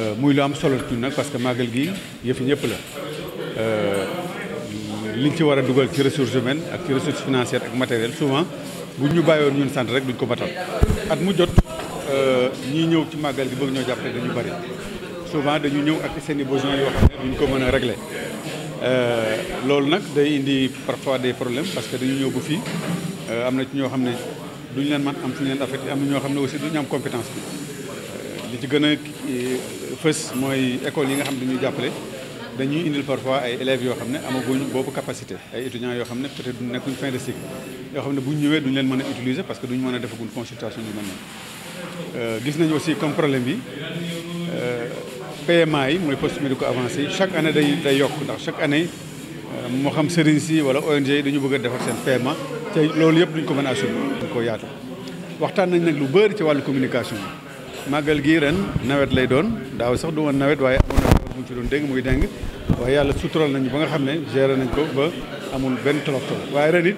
Euh, muy lu am solo ci nag parce que màggal gi yëfi ñëpp la euh, liñ ci war a dugal ci ressources humaines ak ci ressources financières ak matériel souvent bu ñu bàyyoon ñun sant rek duñ ko matal at mu jot euh, ñii ñëw ci màggal gi bëgg ñoo jàppale dañu bari souvent dañu ñëw ak seen i besoins yoo xam ne duñ ko mën a régler loolu nag day indi parfois des problèmes parce que dañu ñëw bu fii am na ci ñoo xam ne duñ leen man am fu ñu leen affecté am na ñoo xam ne aussi duñu am li ci gën a e, fës mooy école yi nga xam ne dañuy jàppale dañuy indil parfois ay élèves yoo xam ne amaguñ boobu capacité ay étudiants yoo xam ne peut-être du nekkuñ fin de cycle yoo xam ne bu ñu ñëwee duñ leen mën a utiliser parce que duñ mën a defagul consultation yu mel noonu euh, gis nañu aussi comme problème bi euh, PMA yi mooy poste médico avancé chaque année day day yokk ndax chaque année euh, moo xam sëriñ si wala ONG yi dañu bëgg a defar seen PMA te loolu yëpp duñ ko mën a assurer. dañ koo yaatu waxtaan nañ nag lu bëri ci wàllu communication màggal gi ren nawet lay doon daaw sax du woon nawet waaye amoon na mu ci doon dégg muy déng waaye yàlla sutural nañu ba nga xam ne géré nañ ko ba amul benn tolof waaye ren it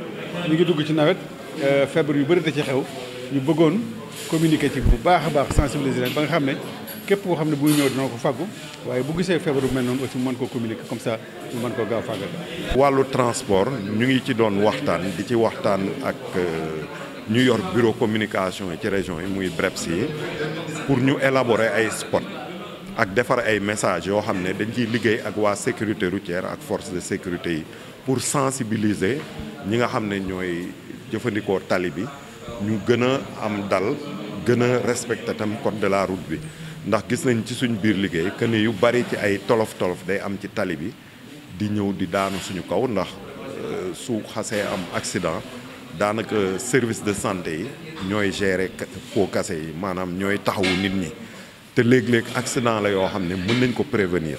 ñu ngi dugg ci nawet euh, feebar yu bari da ci xew ñu bëggoon communiquer bu baax a baax sensibiliser leen ba nga xam ne képp koo xam ne buy ñëw dina ko fàggu waaye bu gisee feebar bu mel noonu aussi mën ko communiquer comme ça ñu mën ko gaaw fàggal wàllu transport ñu ngi ci doon waxtaan di ci waxtaan ak euh, ñu yor bureau communication ci région yi muy BREPS yi pour ñu élaborer ay spot ak defar ay messages yoo xam ne dañ ciy liggéey ak waa sécurité routière ak force de sécurité yi pour sensibiliser ñi nga xam ne ñooy jëfandikoo tali bi ñu gën a am dal gën a respecté tam code de la route bi ndax gis nañ ci suñ biir liggéey que yu bari ci ay tolof tolof day am ci tali bi di ñëw di daanu suñu kaw ndax euh, su xasee am accident daanaka service de santé yi ñooy gérer pots kase yi maanaam ñooy taxawu nit ñi te léeg-léeg accident la yoo xam ne mën nañ ko prévenir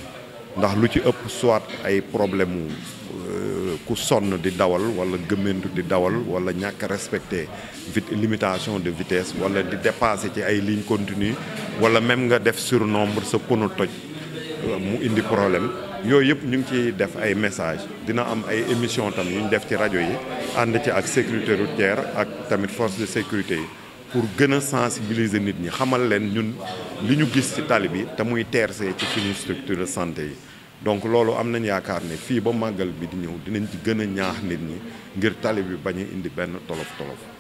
ndax lu ci ëpp soit ay problème mu euh, ku sonn di dawal wala gëmmentu di dawal wala ñàkk respecter vite limitation de vitesse wala di dépasser ci ay ligne continue wala même nga def surnombre sa pono toj euh, mu indi problème yooyu yëpp ñu ngi ciy def ay message dina am ay émission tam yu def ci rajo yi ànd ci ak sécurité routière ak tamit force de sécurité yi pour gën a sensibiliser nit ñi xamal leen ñun li ñu gis ci tali bi te muy teersee ci suñu structure santé yi donc loolu am nañ yaakaar ne fii ba màggal bi di ñëw dinañ ci gën a ñaax nit ñi ngir tali bi bañ a indi benn tolof tolof